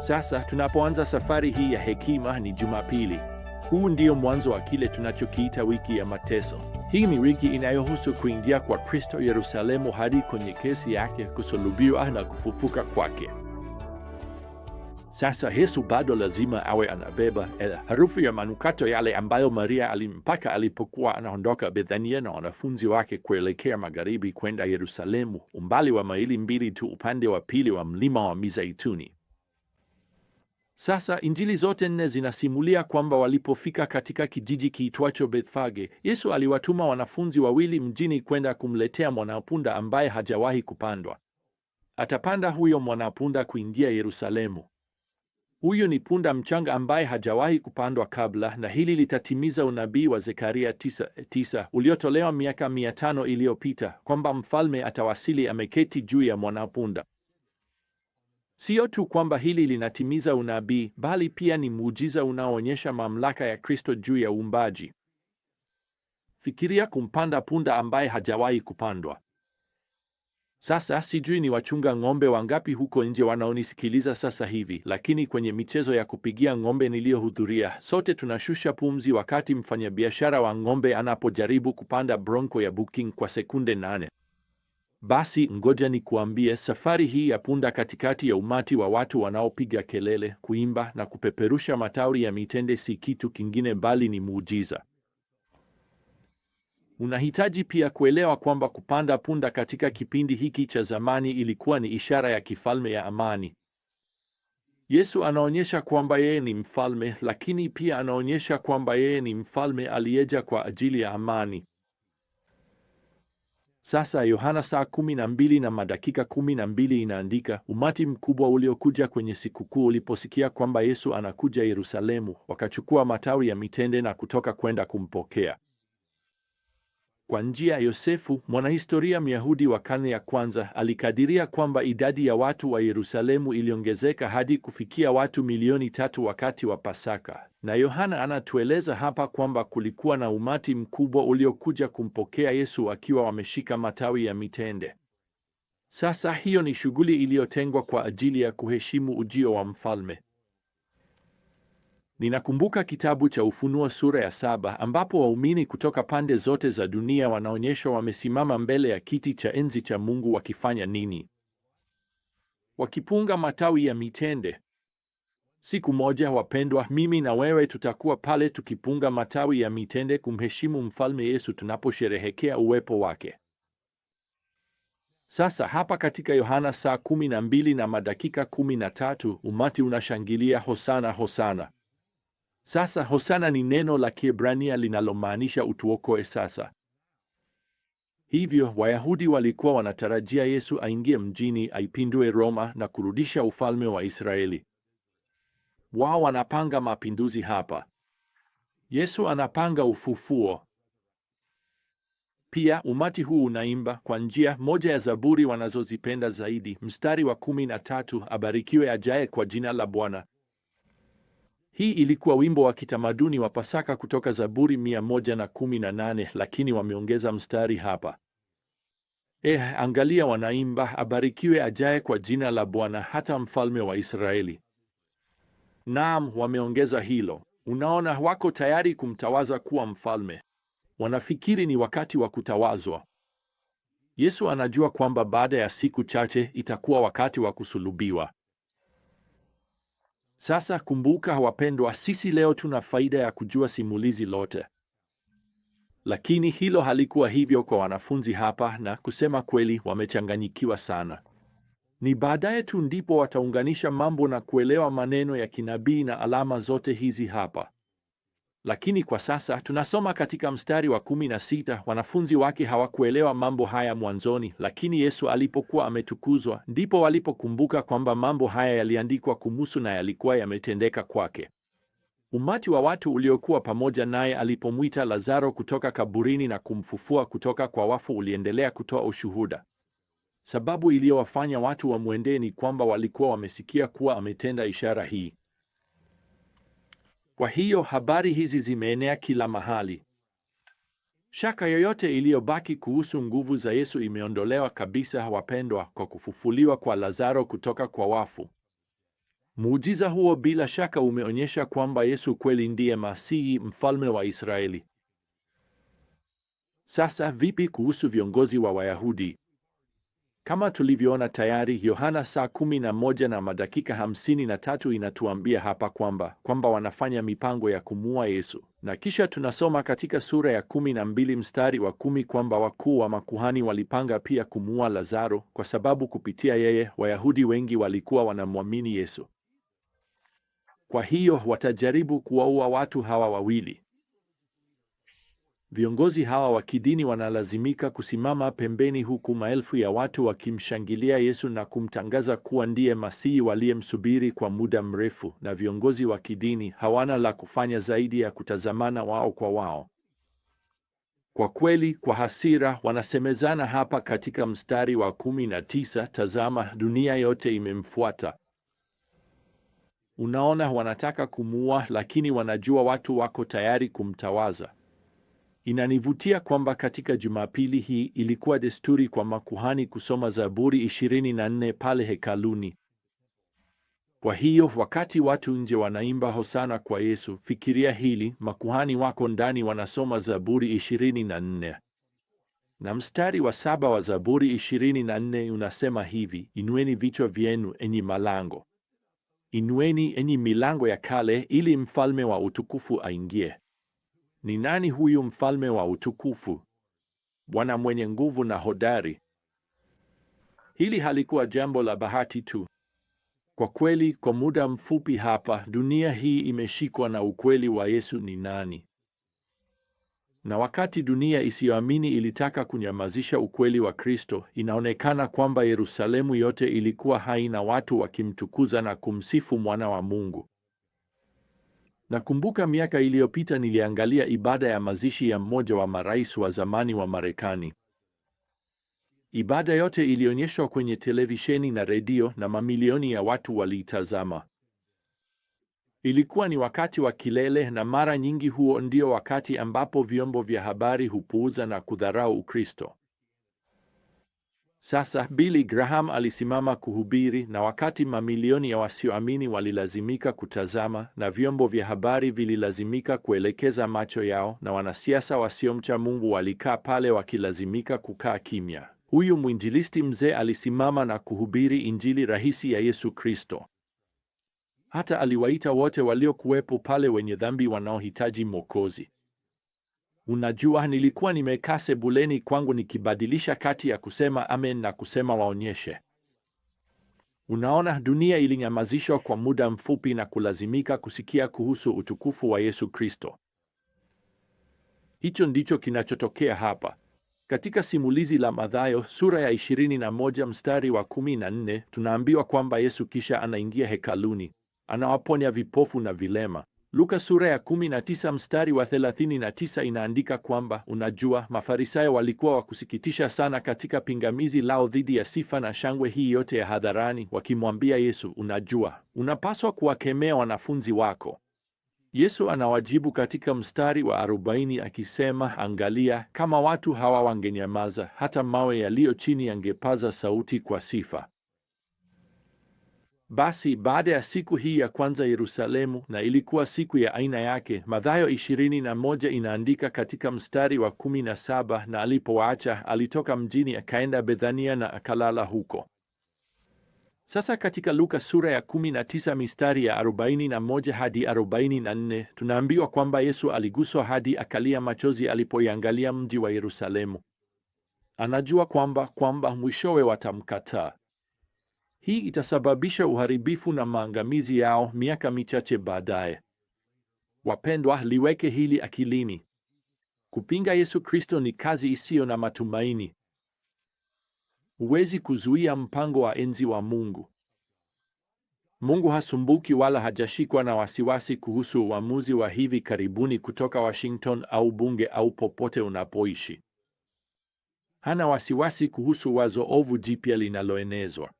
Sasa tunapoanza safari hii ya hekima, ni Jumapili. Huu ndio mwanzo wa kile tunachokiita wiki ya mateso. Hii ni wiki inayohusu kuingia kwa Kristo Yerusalemu hadi kwenye kesi yake, kusulubiwa na kufufuka kwake. Sasa Yesu bado lazima awe anabeba eh, harufu ya manukato yale ambayo Maria alimpaka alipokuwa anaondoka Bethania na wanafunzi wake kuelekea magharibi kwenda Yerusalemu, umbali wa maili mbili tu upande wa pili wa mlima wa Mizeituni. Sasa injili zote nne zinasimulia kwamba walipofika katika kijiji kiitwacho Bethfage, Yesu aliwatuma wanafunzi wawili mjini kwenda kumletea mwanapunda ambaye hajawahi kupandwa. Atapanda huyo mwanapunda kuingia Yerusalemu. Huyu ni punda mchanga ambaye hajawahi kupandwa kabla, na hili litatimiza unabii wa Zekaria 9:9 uliotolewa miaka 5 iliyopita kwamba mfalme atawasili ameketi juu ya mwanapunda. Sio tu kwamba hili linatimiza unabii, bali pia ni muujiza unaoonyesha mamlaka ya Kristo juu ya uumbaji. Fikiria kumpanda punda ambaye hajawahi kupandwa. Sasa sijui ni wachunga ng'ombe wangapi huko nje wanaonisikiliza sasa hivi, lakini kwenye michezo ya kupigia ng'ombe niliyohudhuria, sote tunashusha pumzi wakati mfanyabiashara wa ng'ombe anapojaribu kupanda bronko ya Buking kwa sekunde nane. Basi ngoja nikuambie, safari hii ya punda katikati ya umati wa watu wanaopiga kelele, kuimba na kupeperusha matauri ya mitende si kitu kingine bali ni muujiza. Unahitaji pia kuelewa kwamba kupanda punda katika kipindi hiki cha zamani ilikuwa ni ishara ya kifalme ya amani. Yesu anaonyesha kwamba yeye ni mfalme, lakini pia anaonyesha kwamba yeye ni mfalme aliyeja kwa ajili ya amani. Sasa Yohana saa kumi na mbili na madakika kumi na mbili inaandika, umati mkubwa uliokuja kwenye sikukuu uliposikia kwamba Yesu anakuja Yerusalemu, wakachukua matawi ya mitende na kutoka kwenda kumpokea. Kwa njia Yosefu, mwanahistoria Myahudi wa karne ya kwanza, alikadiria kwamba idadi ya watu wa Yerusalemu iliongezeka hadi kufikia watu milioni tatu wakati wa Pasaka. Na Yohana anatueleza hapa kwamba kulikuwa na umati mkubwa uliokuja kumpokea Yesu akiwa wameshika matawi ya mitende. Sasa hiyo ni shughuli iliyotengwa kwa ajili ya kuheshimu ujio wa mfalme. Ninakumbuka kitabu cha Ufunuo sura ya saba ambapo waumini kutoka pande zote za dunia wanaonyeshwa wamesimama mbele ya kiti cha enzi cha Mungu wakifanya nini? Wakipunga matawi ya mitende. Siku moja wapendwa, mimi na wewe tutakuwa pale tukipunga matawi ya mitende kumheshimu Mfalme Yesu tunaposherehekea uwepo wake. Sasa hapa katika Yohana saa 12 na madakika 13 umati unashangilia hosana, hosana. Sasa hosana ni neno la Kiebrania linalomaanisha utuokoe sasa. Hivyo Wayahudi walikuwa wanatarajia Yesu aingie mjini, aipindue Roma na kurudisha ufalme wa Israeli. Wao wanapanga mapinduzi hapa. Yesu anapanga ufufuo. Pia umati huu unaimba kwa njia moja ya zaburi wanazozipenda zaidi, mstari wa kumi na tatu, abarikiwe ajaye kwa jina la Bwana. Hii ilikuwa wimbo wa kitamaduni wa Pasaka kutoka Zaburi 118, lakini wameongeza mstari hapa. Eh, angalia wanaimba, abarikiwe ajaye kwa jina la Bwana, hata mfalme wa Israeli. Naam, wameongeza hilo. Unaona, wako tayari kumtawaza kuwa mfalme. Wanafikiri ni wakati wa kutawazwa. Yesu anajua kwamba baada ya siku chache itakuwa wakati wa kusulubiwa. Sasa kumbuka, wapendwa, sisi leo tuna faida ya kujua simulizi lote, lakini hilo halikuwa hivyo kwa wanafunzi hapa, na kusema kweli, wamechanganyikiwa sana. Ni baadaye tu ndipo wataunganisha mambo na kuelewa maneno ya kinabii na alama zote hizi hapa. Lakini kwa sasa tunasoma katika mstari wa kumi na sita, wanafunzi wake hawakuelewa mambo haya mwanzoni, lakini Yesu alipokuwa ametukuzwa, ndipo walipokumbuka kwamba mambo haya yaliandikwa kumusu na yalikuwa yametendeka kwake. Umati wa watu uliokuwa pamoja naye alipomwita Lazaro kutoka kaburini na kumfufua kutoka kwa wafu uliendelea kutoa ushuhuda. Sababu iliyowafanya watu wamwendee ni kwamba walikuwa wamesikia kuwa ametenda ishara hii. Kwa hiyo habari hizi zimeenea kila mahali. Shaka yoyote iliyobaki kuhusu nguvu za Yesu imeondolewa kabisa, wapendwa, kwa kufufuliwa kwa Lazaro kutoka kwa wafu. Muujiza huo bila shaka umeonyesha kwamba Yesu kweli ndiye Masihi, mfalme wa Israeli. Sasa vipi kuhusu viongozi wa Wayahudi? Kama tulivyoona tayari, Yohana saa kumi na moja na madakika hamsini na tatu inatuambia hapa kwamba kwamba wanafanya mipango ya kumuua Yesu, na kisha tunasoma katika sura ya kumi na mbili mstari wa kumi kwamba wakuu wa makuhani walipanga pia kumuua Lazaro, kwa sababu kupitia yeye Wayahudi wengi walikuwa wanamwamini Yesu. Kwa hiyo watajaribu kuwaua watu hawa wawili. Viongozi hawa wa kidini wanalazimika kusimama pembeni, huku maelfu ya watu wakimshangilia Yesu na kumtangaza kuwa ndiye Masihi waliyemsubiri kwa muda mrefu, na viongozi wa kidini hawana la kufanya zaidi ya kutazamana wao kwa wao. Kwa kweli, kwa hasira wanasemezana hapa katika mstari wa kumi na tisa: tazama, dunia yote imemfuata. Unaona, wanataka kumuua, lakini wanajua watu wako tayari kumtawaza. Inanivutia kwamba katika Jumapili hii ilikuwa desturi kwa makuhani kusoma Zaburi 24 pale hekaluni. Kwa hiyo wakati watu nje wanaimba hosana kwa Yesu, fikiria hili, makuhani wako ndani wanasoma Zaburi 24. Na mstari wa saba wa Zaburi 24 unasema hivi: inueni vichwa vyenu, enyi malango, inueni enyi milango ya kale, ili mfalme wa utukufu aingie. Ni nani huyu mfalme wa utukufu? Bwana mwenye nguvu na hodari. Hili halikuwa jambo la bahati tu. Kwa kweli, kwa muda mfupi hapa, dunia hii imeshikwa na ukweli wa Yesu ni nani. Na wakati dunia isiyoamini ilitaka kunyamazisha ukweli wa Kristo, inaonekana kwamba Yerusalemu yote ilikuwa haina watu wakimtukuza na kumsifu mwana wa Mungu. Nakumbuka miaka iliyopita niliangalia ibada ya mazishi ya mmoja wa marais wa zamani wa Marekani. Ibada yote ilionyeshwa kwenye televisheni na redio na mamilioni ya watu waliitazama. Ilikuwa ni wakati wa kilele na mara nyingi huo ndio wakati ambapo vyombo vya habari hupuuza na kudharau Ukristo. Sasa Billy Graham alisimama kuhubiri, na wakati mamilioni ya wasioamini walilazimika kutazama na vyombo vya habari vililazimika kuelekeza macho yao, na wanasiasa wasiomcha Mungu walikaa pale wakilazimika kukaa kimya, huyu mwinjilisti mzee alisimama na kuhubiri injili rahisi ya Yesu Kristo. Hata aliwaita wote waliokuwepo pale wenye dhambi wanaohitaji Mwokozi. Unajua, nilikuwa nimekaa sebuleni kwangu nikibadilisha kati ya kusema amen na kusema waonyeshe. Unaona, dunia ilinyamazishwa kwa muda mfupi na kulazimika kusikia kuhusu utukufu wa Yesu Kristo. Hicho ndicho kinachotokea hapa katika simulizi la Mathayo sura ya 21 mstari wa 14. Tunaambiwa kwamba Yesu kisha anaingia hekaluni, anawaponya vipofu na vilema Luka sura ya 19 mstari wa 39 inaandika kwamba unajua, Mafarisayo walikuwa wa kusikitisha sana katika pingamizi lao dhidi ya sifa na shangwe hii yote ya hadharani, wakimwambia Yesu, unajua, unapaswa kuwakemea wanafunzi wako. Yesu anawajibu katika mstari wa 40 akisema, angalia, kama watu hawa wangenyamaza, hata mawe yaliyo chini yangepaza sauti kwa sifa. Basi baada ya siku hii ya kwanza Yerusalemu, na ilikuwa siku ya aina yake, Mathayo 21 inaandika katika mstari wa 17, na alipowaacha alitoka mjini akaenda Bethania na akalala huko. Sasa katika Luka sura ya 19 mistari ya 41 hadi 44 tunaambiwa kwamba Yesu aliguswa hadi akalia machozi alipoiangalia mji wa Yerusalemu. Anajua kwamba kwamba mwishowe watamkataa. Hii itasababisha uharibifu na maangamizi yao miaka michache baadaye. Wapendwa, liweke hili akilini. Kupinga Yesu Kristo ni kazi isiyo na matumaini. Huwezi kuzuia mpango wa enzi wa Mungu. Mungu hasumbuki wala hajashikwa na wasiwasi kuhusu uamuzi wa hivi karibuni kutoka Washington au bunge au popote unapoishi. Hana wasiwasi kuhusu wazo ovu jipya linaloenezwa.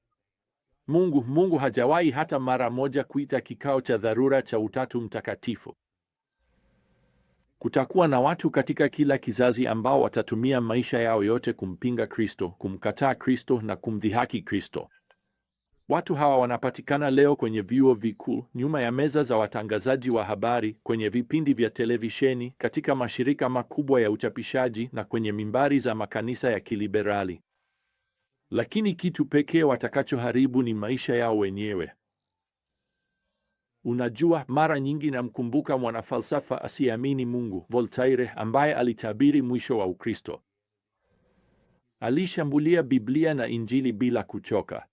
Mungu Mungu hajawahi hata mara moja kuita kikao cha dharura cha Utatu Mtakatifu. Kutakuwa na watu katika kila kizazi ambao watatumia maisha yao yote kumpinga Kristo, kumkataa Kristo na kumdhihaki Kristo. Watu hawa wanapatikana leo kwenye vyuo vikuu, nyuma ya meza za watangazaji wa habari, kwenye vipindi vya televisheni, katika mashirika makubwa ya uchapishaji na kwenye mimbari za makanisa ya kiliberali lakini kitu pekee watakachoharibu ni maisha yao wenyewe. Unajua, mara nyingi namkumbuka mwanafalsafa asiyeamini Mungu Voltaire, ambaye alitabiri mwisho wa Ukristo. Alishambulia Biblia na Injili bila kuchoka.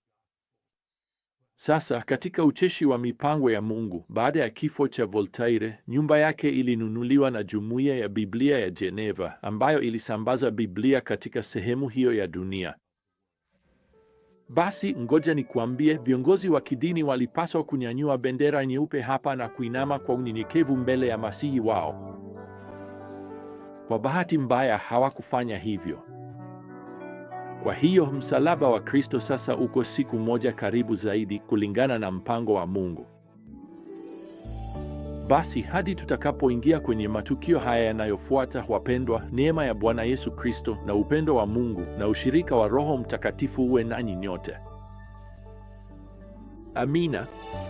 Sasa katika ucheshi wa mipango ya Mungu, baada ya kifo cha Voltaire, nyumba yake ilinunuliwa na Jumuiya ya Biblia ya Geneva, ambayo ilisambaza Biblia katika sehemu hiyo ya dunia. Basi ngoja nikuambie, viongozi wa kidini walipaswa kunyanyua bendera nyeupe hapa na kuinama kwa unyenyekevu mbele ya masihi wao. Kwa bahati mbaya, hawakufanya hivyo. Kwa hiyo msalaba wa Kristo sasa uko siku moja karibu zaidi kulingana na mpango wa Mungu. Basi hadi tutakapoingia kwenye matukio haya yanayofuata, wapendwa, neema ya Bwana Yesu Kristo na upendo wa Mungu na ushirika wa Roho Mtakatifu uwe nanyi nyote. Amina.